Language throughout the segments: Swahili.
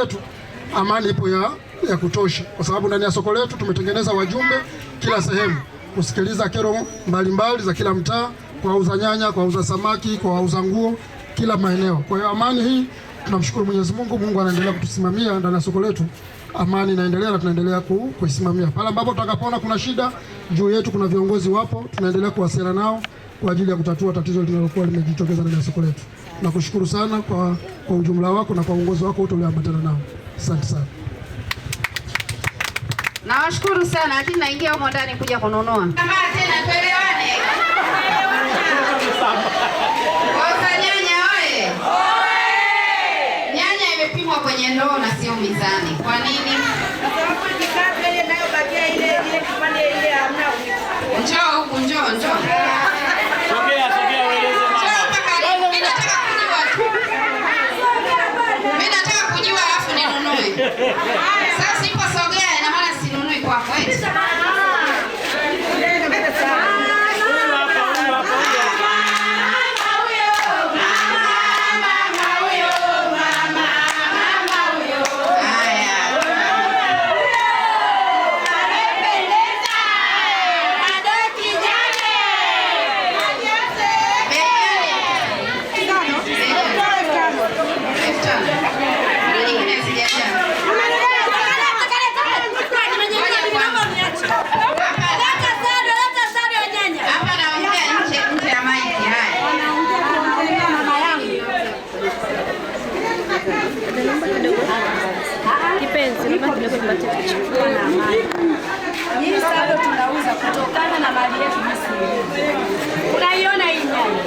letu amani ipo ya, ya kutosha, kwa sababu ndani ya soko letu tumetengeneza wajumbe kila sehemu kusikiliza kero mbalimbali mbali za kila mtaa, kwa wauza nyanya, kwa wauza samaki, kwa wauza nguo, kila maeneo. Kwa hiyo amani hii tunamshukuru Mwenyezi Mungu, Mungu anaendelea kutusimamia ndani ya soko letu, amani inaendelea na tunaendelea kuisimamia. Pale ambapo tutakapoona kuna shida juu yetu, kuna viongozi wapo, tunaendelea kuwasiliana nao kwa ajili ya kutatua tatizo linalokuwa limejitokeza ndani ya soko letu. Nakushukuru sana kwa, kwa ujumla wako na kwa uongozi wako wote ulioambatana nao. Asante sana. Nawashukuru sana lakini naingia huko ndani kuja kununua. Kama tena tuelewane. Oza nyanya oye. Oye. Nyanya imepimwa kwenye ndoo na sio mizani. Kwa nini? Njoo huku njoo njoo. Yeah. wote na amani. Hii sasa tunauza kutokana na mali yetu sisi. Unaiona hii nyanya?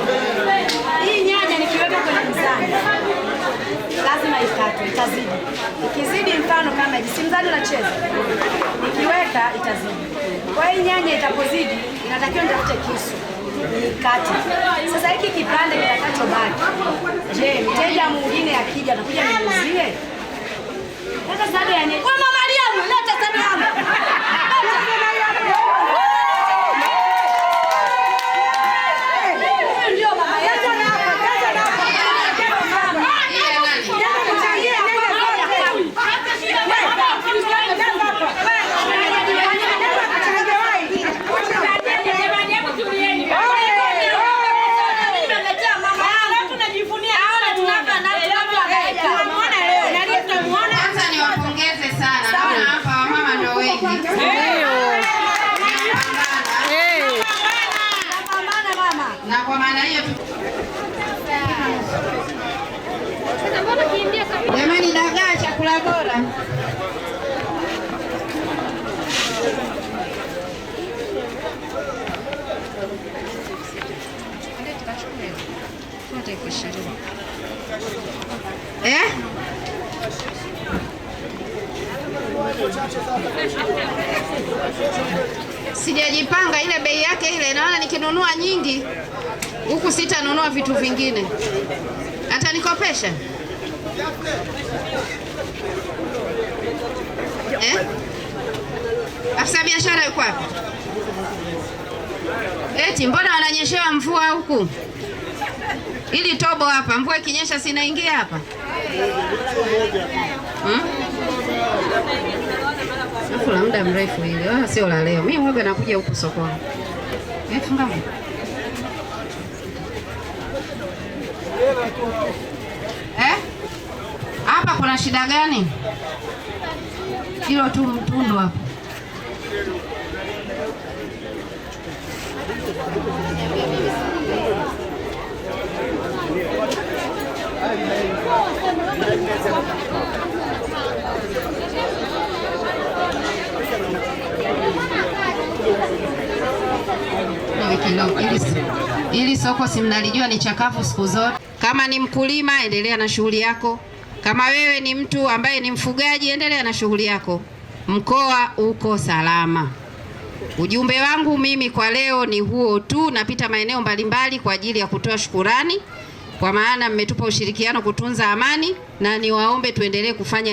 Hii nyanya nikiweka kwenye mzani lazima ikatwe, itazidi. Ikizidi mfano kama hivi, si mzani unacheza. Nikiweka itazidi. Kwa hiyo nyanya itapozidi inatakiwa nitafute kisu nikate. Sasa hiki kipande kitakachobaki, je, mteja mwingine akija atakuja chakula bora. Eh? Sijajipanga, ile bei yake ile, naona nikinunua nyingi huku sitanunua vitu vingine. Atanikopesha? Eh? Afisa biashara yuko wapi? Eti mbona wananyeshewa mvua huku? Ili tobo hapa, mvua ikinyesha sinaingia hapa hmm? Afu la muda mrefu hili, ah, sio la leo. Mimi mwaga nakuja huku sokoni. Eh, funga shida gani? Hilo tu mtundo hapo. Ili soko simnalijua ni chakafu siku zote. Kama ni mkulima, endelea na shughuli yako. Kama wewe ni mtu ambaye ni mfugaji, endelea na shughuli yako, mkoa uko salama. Ujumbe wangu mimi kwa leo ni huo tu. Napita maeneo mbalimbali kwa ajili ya kutoa shukurani, kwa maana mmetupa ushirikiano kutunza amani, na niwaombe tuendelee kufanya